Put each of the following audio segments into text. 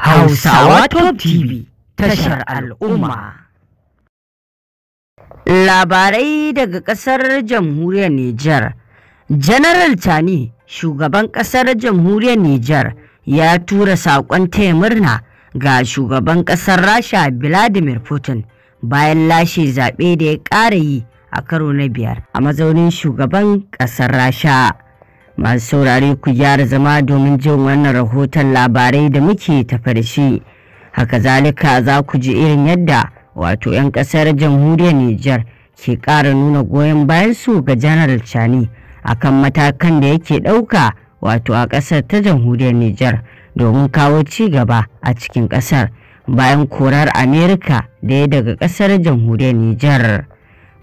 Hausawa Top TV tashar al'umma. Labarai daga ƙasar jamhuriyar Nijar. Janaral Tani, shugaban ƙasar jamhuriyar Nijar, ya tura saƙon taya murna ga shugaban ƙasar Rasha Vladimir Putin bayan lashe zaɓe da ya ƙara yi a karo na biyar a mazaunin shugaban ƙasar Rasha. masu saurari ku gyara zama domin jin wannan rahoton labarai da muke tafarshi haka zalika za ku ji irin yadda wato 'yan kasar jamhuriyar Nijar ke ƙara nuna goyon bayan su ga Janaral chani a kan matakan da yake ɗauka wato a ƙasar ta jamhuriyar Nijar, domin kawo ci gaba a cikin ƙasar bayan korar amerika da ya daga ƙasar jamhuriyar Nijar.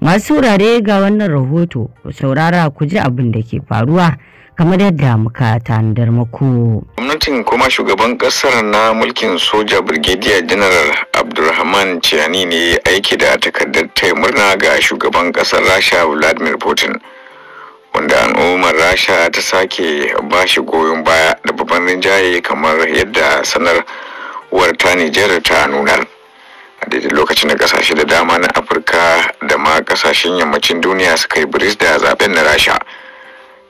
Masu wurare ga wannan rahoto saurara ku ji abin da ke faruwa kamar yadda muka tanadar maku. Gwamnatin kuma shugaban kasar na mulkin soja Brigadier General Abdulrahman ciyani ne aiki da takardar murna ga shugaban kasar Rasha Vladimir Putin. Wanda al'ummar Rasha ta sake ba shi goyon baya da babban rinjaye kamar yadda sanar war ta Nijar ta nunar. daidai lokacin da kasashe da dama na afirka da ma kasashen yammacin duniya suka yi biris da zaben na rasha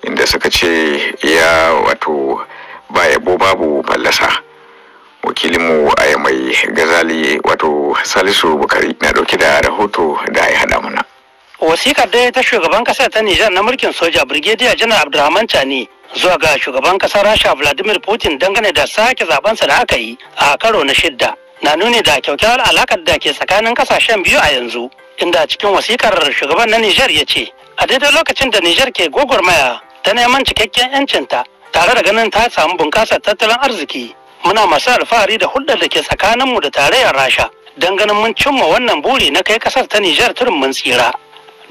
inda suka ce ya wato ba yabo babu fallasa wakilinmu a mai gazali wato salisu bukari na dauki da rahoto da ya hada mana wasikar dai ta shugaban kasa ta nijar na mulkin soja brigadier janar abdulrahman chani zuwa ga shugaban kasar rasha vladimir putin dangane da sake zabensa da aka yi a karo na shidda na nuni da kyautar alakar da ke tsakanin kasashen biyu a yanzu inda cikin wasikar shugaban na Nijar ya ce a daidai lokacin da Nijar ke gwagwarmaya ta neman cikakken 'yancinta tare da ganin ta samu bunƙasar tattalin arziki muna masu alfahari da hulɗar da ke tsakaninmu da tarayyar rasha don ganin mun cimma wannan buri na kai ƙasar ta Nijar turin mun tsira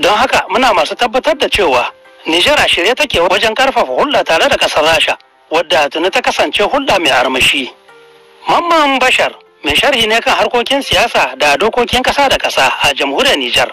don haka muna masu tabbatar da cewa Nijar a shirye take wajen ƙarfafa hulɗa tare da ƙasar rasha wadda tuni ta kasance hulɗa mai armashi. Mamman Bashar mai sharhi ne kan harkokin siyasa da dokokin kasa da kasa a jamhuriyar Nijar.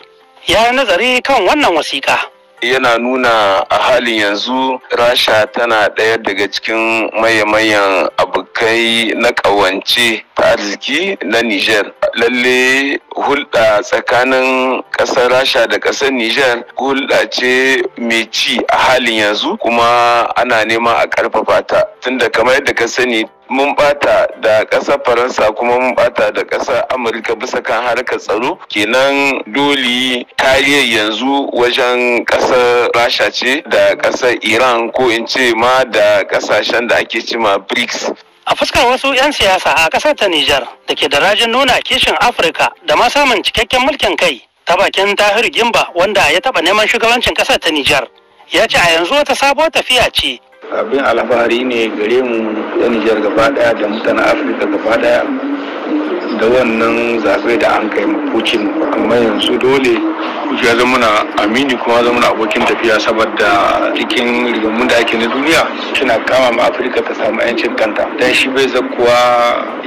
Ya nazari kan wannan wasiƙa. yana nuna a halin yanzu rasha tana ɗaya daga cikin maye-mayan abokai na ƙawance ta arziki na Nijar. lalle hulɗa tsakanin ƙasar rasha da ƙasar Nijar, hulɗa ce mai ci a halin yanzu kuma ana nema a ƙarfafa ta tunda kamar yadda ka sani mun bata da ƙasar faransa kuma mun bata da ƙasar amurka bisa kan harkar tsaro kenan dole kariya yanzu wajen ƙasar rasha ce da ƙasar iran ko in ce ma da ƙasashen da ake cima brics a fuskar wasu 'yan siyasa a ƙasar ta nijar da ke da rajin nuna kishin afirka da ma samun cikakken mulkin kai ta bakin Tahir gimba wanda ya taɓa neman shugabancin ƙasar ta nijar ya ce a yanzu wata sabuwar tafiya ce abin alfahari ne gare mu da nijar gaba daya da mutanen afirka gaba daya da wannan zaɓe da an kai mafucin amma yanzu dole ya zama na amini kuma zama na abokin tafiya saboda cikin rigamun da ake na duniya suna kama ma afirka ta samu yancin kanta dan shi bai zakuwa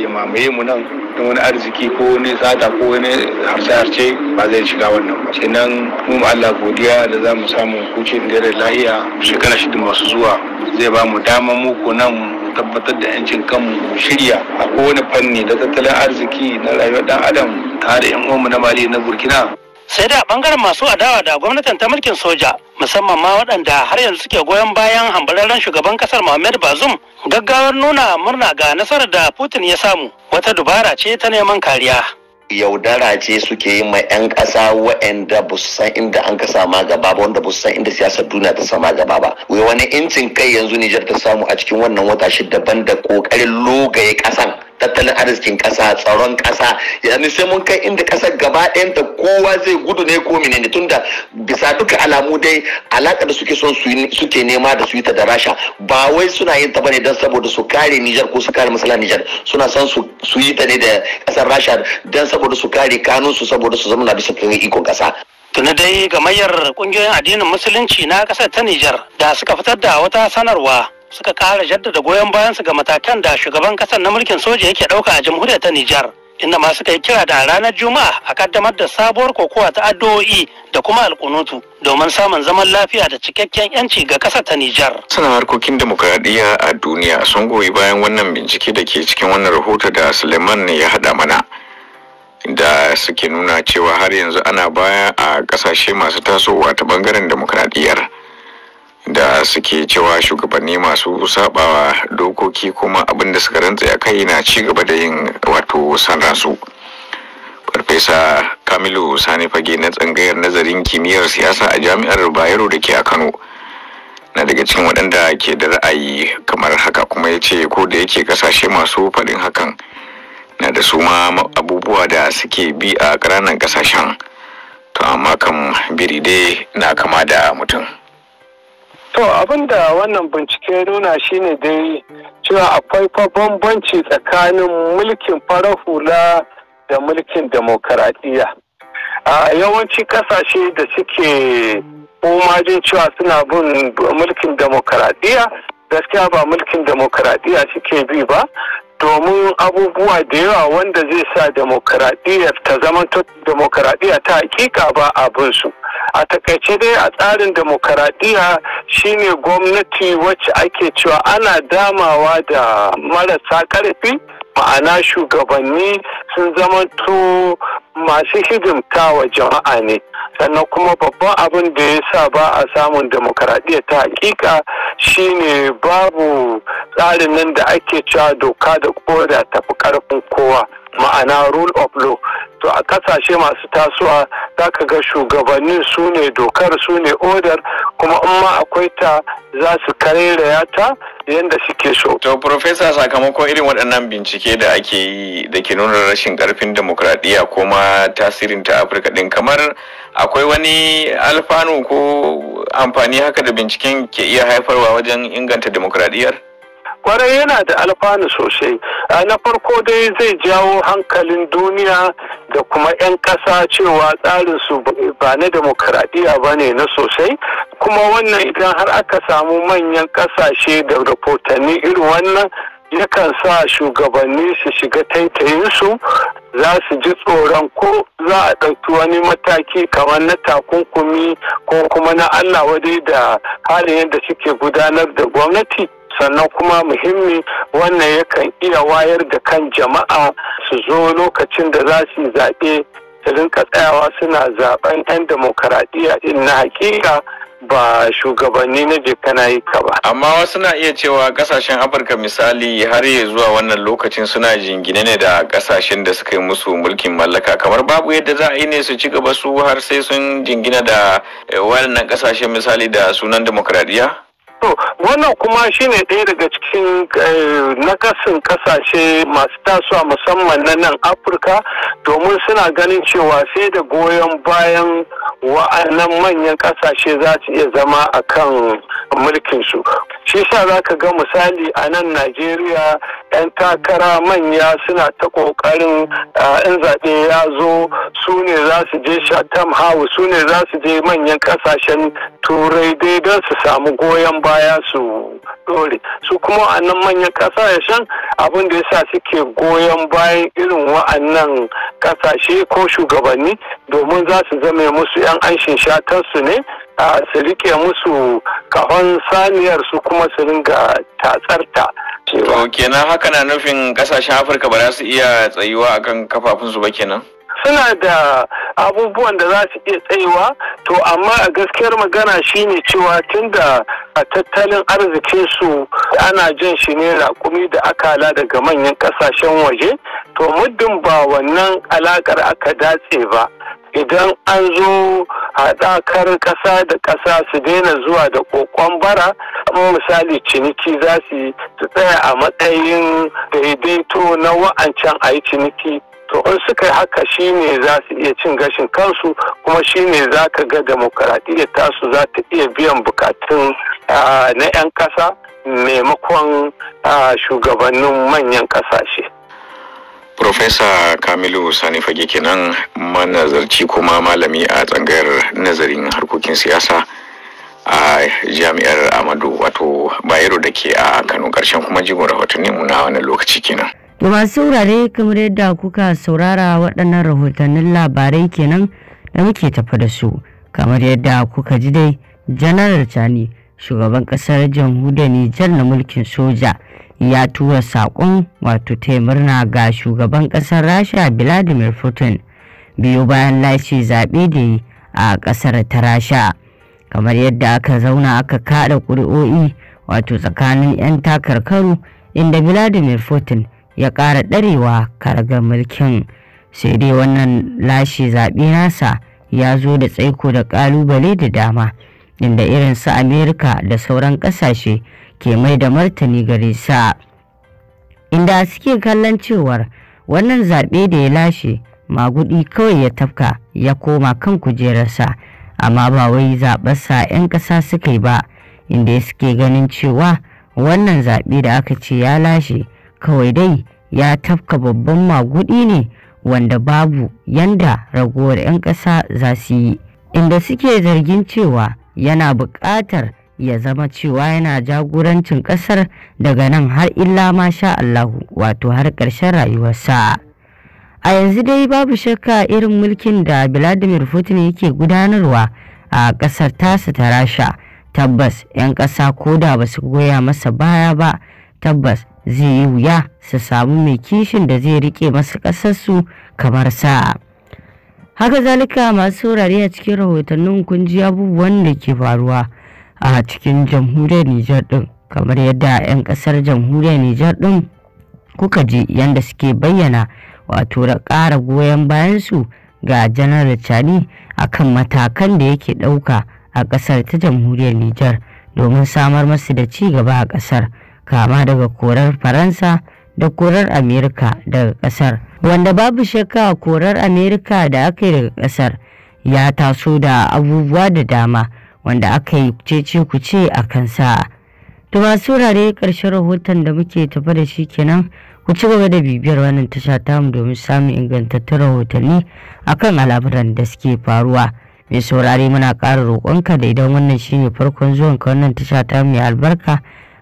ya mamaye mu nan da wani arziki ko wani tsada ko wani harshe-harshe ba zai shiga wannan ba kenan mu Allah godiya da za mu samu kucin da lahiya shekara shida masu zuwa zai ba mu dama mu nan tabbatar da 'yancin kanmu shirya a kowane fanni da tattalin arziki na rayuwar dan adam tare yan uwanmu na mali na burkina sai da bangaren masu adawa da gwamnatin ta mulkin soja musamman ma waɗanda har yanzu suke goyon bayan hambararren shugaban kasar Muhammad bazum gaggawar nuna murna ga nasarar da Putin ya samu wata dubara ce ta neman kariya. yaudara ce suke yi ma 'yan ƙasa wa'anda ba su san inda an ka sama gaba ba wanda ba su san inda siyasar duniya ta sama gaba ba wai wani incin kai yanzu Nijar ta samu a cikin wannan wata shi daban da ƙoƙarin logaye ƙasan tattalin arzikin kasa tsaron kasa yanzu sai mun kai inda kasar gaba ɗayanta kowa zai gudu ne ko menene tunda bisa duka alamu dai alaƙa da suke son suke nema da su da rasha ba wai suna yin ta bane don saboda su kare nijar ko su kare masala nijar suna son su yi ta ne da ƙasar rasha don saboda su kare kanunsu saboda su zama na kan ikon kasa tuni dai gamayyar kungiyoyin addinin musulunci na kasar ta Nijar da suka fitar da wata sanarwa suka kara jaddada goyon bayansu ga matakan da shugaban kasar na mulkin soja yake ɗauka a jamhuriyar ta Nijar. Inda masu kai kira da ranar Juma'a a kaddamar da sabuwar kokowa ta addu'o'i da kuma alkunutu domin samun zaman lafiya da cikakken yanci ga ƙasar ta Nijar. Sanar harkokin demokuraɗiyya a duniya sun goyi bayan wannan bincike da ke cikin wannan rahoto da Suleiman ya haɗa mana. da suke nuna cewa har yanzu ana baya a kasashe masu tasowa ta bangaren demokradiyyar da suke cewa shugabanni masu sabawa dokoki kuma abin da suka rantsa ya kai na ci gaba da yin wato su. farfesa kamilu sani fage na tsangayar nazarin kimiyyar siyasa a jami'ar bayero da ke a kano na daga cikin waɗanda ke da ra'ayi kamar haka kuma ya ce ko da yake kasashe masu faɗin hakan na da su ma abubuwa da suke bi a ƙananan ƙasashen to amma kan biri na kama da mutum To abin da wannan bincike nuna shine dai cewa akwai fa bambanci tsakanin mulkin farar hula da mulkin demokaradiyya. A yawanci kasashe da suke jin cewa suna bin mulkin demokaradiyya gaskiya ba mulkin demokaradiyya suke bi ba domin abubuwa da yawa wanda zai sa demokaradiyyar ta zama demokaradiyya ta hakika ba abin su. a takaice dai a tsarin demokaradiyya shine gwamnati wacce ake cewa ana damawa da marasa karfi ma'ana shugabanni sun zamanto masu hidimta wa jama'a ne sannan kuma babban abin da ya sa ba a samun demokaradiyya ta hakika shine babu tsarin nan da ake cewa doka da koda tafi karfin kowa ma'ana rule of law to a kasashe masu tasowa za ka ga shugabannin su ne dokar su ne odar kuma in ma akwai ta za su kareraya ta yadda suke so. To Profesa sakamakon irin waɗannan bincike da ake yi da ke nuna rashin ƙarfin demokradiyya ko ma tasirin ta Afirka ɗin kamar akwai wani alfanu ko amfani haka da binciken ke iya haifarwa wajen inganta demokradiyyar? kwarai yana da alfanu sosai na farko dai zai jawo hankalin duniya da kuma 'yan ƙasa cewa tsarin su ba na demokaradiyya ba ne na sosai kuma wannan idan har aka samu manyan ƙasashe da rahotanni irin wannan yakan sa shugabanni su shiga taitayinsu za su ji tsoron ko za a ɗauki wani mataki kamar na takunkumi ko kuma na Allah wadai da halin yadda suke gudanar da gwamnati sannan kuma muhimmi wannan yakan iya wayar da kan jama'a su zo lokacin da za su zaɓe su rinka tsayawa suna zaɓen 'yan demokaradiyya in na hakika ba shugabanni na jikana yi ka ba. Amma wasu na iya cewa kasashen Afirka misali har ya zuwa wannan lokacin suna jingine ne da kasashen da suka yi musu mulkin mallaka kamar babu yadda za a yi ne su ci gaba su har sai sun jingina da eh, wannan kasashen misali da sunan demokradiyya? To, wannan kuma shine ɗaya daga cikin eh, nakasin ƙasashe masu tasowa musamman na nan Afirka domin suna ganin cewa sai da goyon bayan wa'annan manyan kasashe za su iya zama a kan mulkinsu shi sa za ka ga misali a nan najeriya 'yan takara manya suna ta ƙoƙarin in zaɓe ya zo su ne za su je shatam hawu su ne za su je manyan kasashen turai dai don su samu goyon baya su dore su kuma wa'annan manyan kasashen abin da ya sa suke goyon bayan irin wa'annan kasashe ko shugabanni domin za su zame musu 'yan anshin su ne a su rike musu kahon saniyar su kuma su ringa tatsarta. To kenan haka na nufin kasashen Afirka ba za su iya tsayuwa akan kafafunsu ba kenan? Suna da abubuwan da za su iya tsayuwa, to amma a gaskiyar magana shine cewa tunda a tattalin arzikin su ana jan shi ne raƙumi da akala daga manyan kasashen waje to muddin ba wannan alaƙar aka datse ba idan an zo haɗakar ƙasa da ƙasa su daina zuwa da ƙoƙon bara misali ciniki za su tsaya a matsayin daidaito na wa'ancan a yi ciniki to in suka yi haka ne za su iya cin gashin kansu kuma shi ne za ka ga demokaradiyyar tasu za ta iya biyan bukatun na 'yan ƙasa maimakon shugabannin manyan ƙasashe. Profesa Kamilu Sani Fage kenan manazarci kuma malami a tsangayar nazarin harkokin siyasa a jami'ar Amadu wato Bayero da ke a Kano karshen kuma jigon rahotanni mu na wannan lokaci kenan. Da masu wurare kamar yadda kuka saurara waɗannan rahotannin labarai kenan da muke tafa da su kamar yadda kuka ji dai janar Chani shugaban kasar jamhuriyar Nijar na mulkin soja ya tura saƙon wato murna ga shugaban kasar rasha vladimir putin biyu bayan lashe zaɓe da yi a ƙasar ta rasha kamar yadda aka zauna aka kaɗa ƙuri'o'i wato tsakanin 'yan takarkaru inda vladimir putin ya ƙara ɗarewa karagar mulkin sai dai wannan lashe zaɓe nasa ya zo da tsaiko da ƙalubale da dama inda irin su amerika da sauran kasashe ke mai da martani gare sa inda suke kallon cewar wannan zaɓe da ya lashe magudi kawai ya tafka ya koma kan kujerarsa amma ba wai zaɓarsa 'yan ƙasa suka yi ba inda suke ganin cewa wannan zaɓe da aka ce ya lashe kawai dai ya tafka babban magudi ne wanda babu yanda ragowar 'yan ƙasa za su yi inda suke zargin cewa yana buƙatar ya zama cewa yana jagorancin ƙasar daga nan har illa ma sha Allahu wato har ƙarshen rayuwarsa. A yanzu dai babu shakka irin mulkin da Vladimir Putin yake gudanarwa a ƙasar tasa ta Rasha tabbas 'yan ƙasa ko da ba su goya masa baya ba tabbas zai yi wuya su samu mai kishin da zai riƙe masa ƙasarsu kamar sa'a. haka zalika masu saurare a cikin rahotannin kun ji abubuwan da ke faruwa a cikin jamhuriyar nijar din kamar yadda 'yan kasar jamhuriyar nijar din kuka ji yadda suke bayyana wato da ƙara goyon bayansu ga janar chani akan matakan da yake ɗauka a ƙasar ta jamhuriyar nijar domin samar masu da ci gaba a ƙasar kama daga korar faransa da korar amerika daga ƙasar wanda babu shakka korar amerika da aka yi daga kasar ya taso da abubuwa da dama wanda aka yi cece ce a kansa to masu wurare ƙarshen rahoton da muke tafa da shi kenan ku ci gaba da bibiyar wannan tasha tamu domin samun ingantattun rahotanni akan al'amuran da suke faruwa mai saurare muna kara roƙonka da idan wannan shine farkon zuwan ka wannan tasha ta mai albarka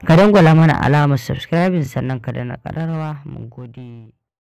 ka dangwala mana alamar subscribing sannan ka dana ƙararrawa mun gode